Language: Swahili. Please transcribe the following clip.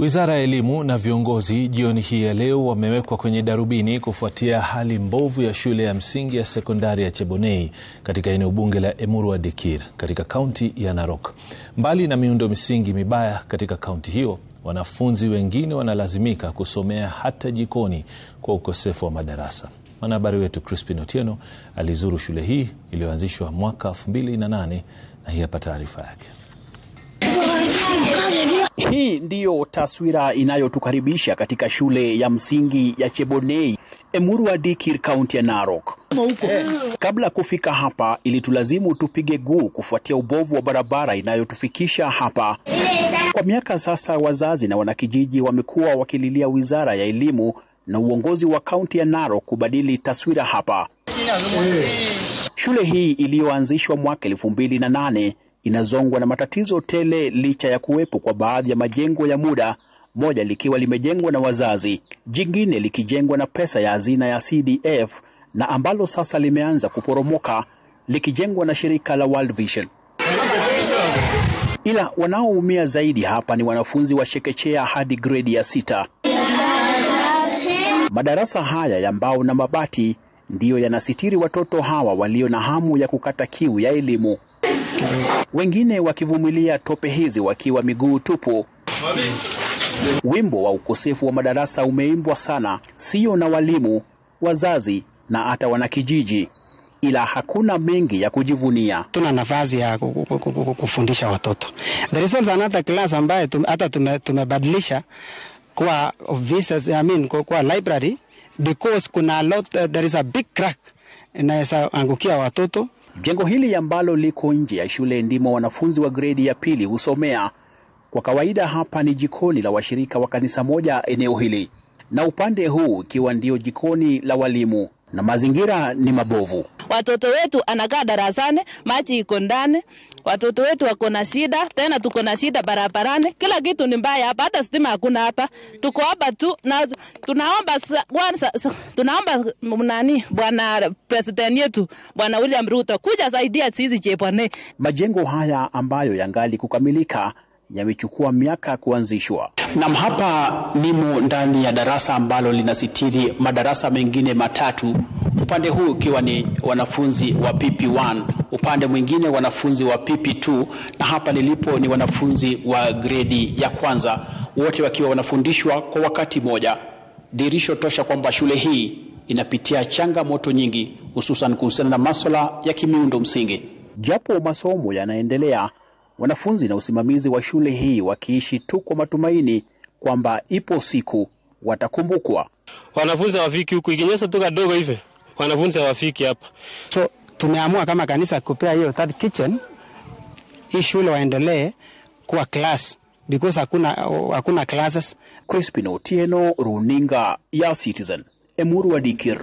Wizara ya Elimu na viongozi jioni hii ya leo wamewekwa kwenye darubini kufuatia hali mbovu ya shule ya msingi ya sekondari ya Chebonei katika eneo bunge la Emurwa Dikirr katika kaunti ya Narok. Mbali na miundo misingi mibaya katika kaunti hiyo, wanafunzi wengine wanalazimika kusomea hata jikoni kwa ukosefu wa madarasa. Mwanahabari wetu Crispin Otieno alizuru shule hii iliyoanzishwa mwaka 2008 na hii hapa taarifa yake. Hii ndiyo taswira inayotukaribisha katika shule ya msingi ya Chebonei Emurua Dikir, kaunti ya Narok. Eh. Kabla kufika hapa, ilitulazimu tupige guu kufuatia ubovu wa barabara inayotufikisha hapa. Kwa miaka sasa, wazazi na wanakijiji wamekuwa wakililia wizara ya elimu na uongozi wa kaunti ya Narok kubadili taswira hapa. Eh. Shule hii iliyoanzishwa mwaka elfu mbili na nane inazongwa na matatizo tele licha ya kuwepo kwa baadhi ya majengo ya muda, moja likiwa limejengwa na wazazi, jingine likijengwa na pesa ya hazina ya CDF na ambalo sasa limeanza kuporomoka likijengwa na shirika la World Vision. Ila wanaoumia zaidi hapa ni wanafunzi wa chekechea hadi gredi ya sita. Madarasa haya ya mbao na mabati ndiyo yanasitiri watoto hawa walio na hamu ya kukata kiu ya elimu wengine wakivumilia tope hizi wakiwa miguu tupu. Wimbo wa ukosefu wa madarasa umeimbwa sana, sio na walimu, wazazi na hata wanakijiji, ila hakuna mengi ya kujivunia. Tuna nafasi ya kufundisha watoto. There is another class ambaye hata tume, tumebadilisha kwa offices, I mean, kwa, kwa library because kuna lot, uh, there is a big crack inaweza angukia watoto Jengo hili ambalo liko nje ya shule ndimo wanafunzi wa gredi ya pili husomea. Kwa kawaida hapa ni jikoni la washirika wa kanisa moja eneo hili, na upande huu ikiwa ndio jikoni la walimu, na mazingira ni mabovu watoto wetu anakaa darasani, maji iko ndani, watoto wetu wako na shida, tena tuko na shida barabarani, kila kitu ni mbaya hapa, hata stima hakuna hapa, tuko hapa tu na tunaomba kwanza, tunaomba nani, bwana president yetu bwana William Ruto kuja saidia sisi chepwane. Majengo haya ambayo yangali kukamilika yamechukua miaka ya kuanzishwa. Nam, hapa nimo ndani ya darasa ambalo linasitiri madarasa mengine matatu, upande huu ukiwa ni wanafunzi wa PP1, upande mwingine wanafunzi wa PP2, na hapa nilipo ni wanafunzi wa gredi ya kwanza, wote wakiwa wanafundishwa kwa wakati moja dirisho tosha kwamba shule hii inapitia changamoto nyingi, hususan kuhusiana na masuala ya kimiundo msingi. Japo masomo yanaendelea wanafunzi na usimamizi wa shule hii wakiishi tu kwa matumaini kwamba ipo siku watakumbukwa. Wanafunzi hawafiki huku, ikinyesha tu kadogo hivi wanafunzi hawafiki hapa. So tumeamua kama kanisa kupea hiyo third kitchen, hii shule waendelee kuwa class because hakuna hakuna classes. Crispin Otieno, runinga ya Citizen, Emuru Adikir.